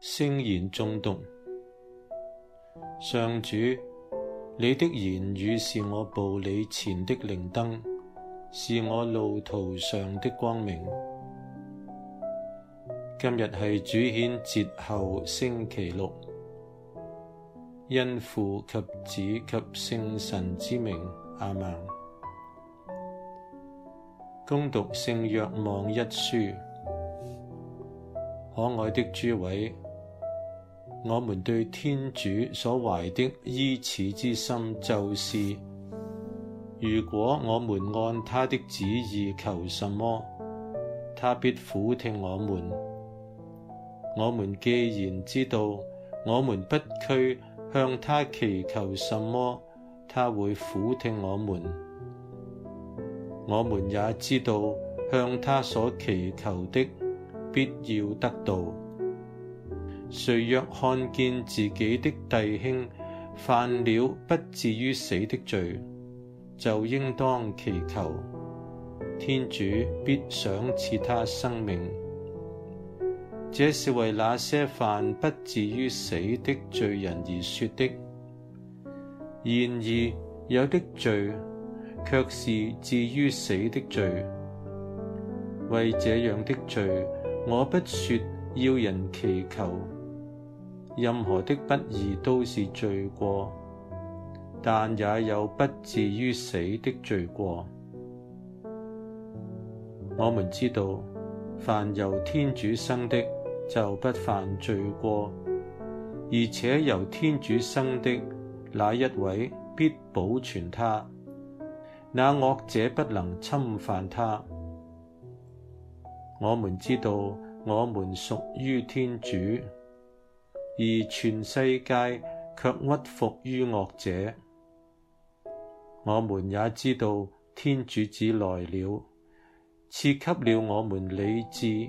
聲言中讀，上主，你的言語是我步履前的靈燈，是我路途上的光明。今日係主顯節後星期六，因父及子及聖神之名，阿門。恭讀聖若望一書，可愛的諸位，我們對天主所懷的依恃之心，就是：如果我們按他的旨意求什麼，他必俯聽我們。我們既然知道，我們不拘向他祈求什麼，他會俯聽我們。我們也知道向他所祈求的，必要得到。誰若看見自己的弟兄犯了不致於死的罪，就應當祈求，天主必賞賜他生命。這是為那些犯不致於死的罪人而說的。然而，有的罪卻是致於死的罪。為這樣的罪，我不説要人祈求。任何的不義都是罪過，但也有不致於死的罪過。我們知道，凡由天主生的，就不犯罪過，而且由天主生的那一位必保全他，那惡者不能侵犯他。我們知道我們屬於天主，而全世界却屈服於惡者。我們也知道天主子來了，賜給了我們理智。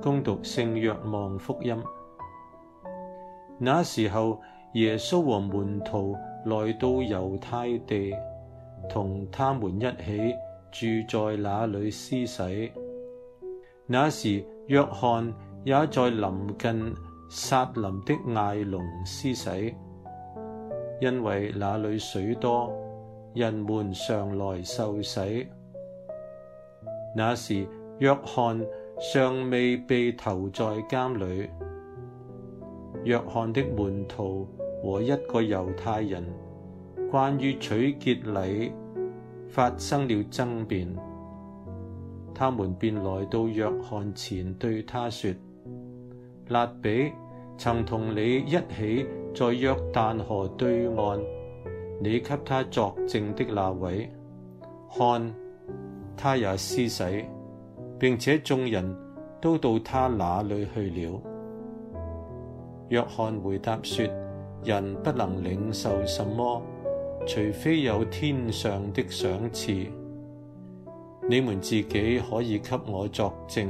恭讀聖若望福音。那時候，耶穌和門徒來到猶太地，同他們一起住在那裏施洗。那時，若翰也在臨近撒林的艾農施洗，因為那裏水多，人們常來受洗。那時，若翰尚未被投在監裏。若翰的門徒和一個猶太人，關於取潔禮發生了爭辯，他們便來到若翰前對他說：辣彼！曾同你一起在約旦河對岸，你給他作證的那位，看，他也施洗。」並且眾人都到他那裏去了。若翰回答說：人不能領受什麼，除非有天上的賞賜。你們自己可以給我作證，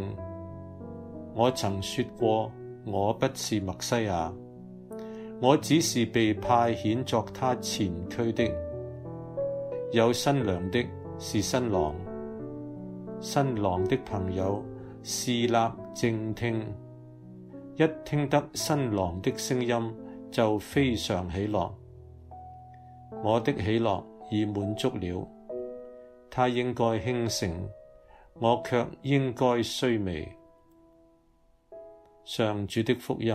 我曾說過我不是默西亞，我只是被派遣作他前驅的。有新娘的是新郎。新郎的朋友，侍立靜聽，一聽得新郎的聲音，就非常喜樂。我的喜樂已滿足了，他應該興盛，我卻應該衰微。—上主的福音。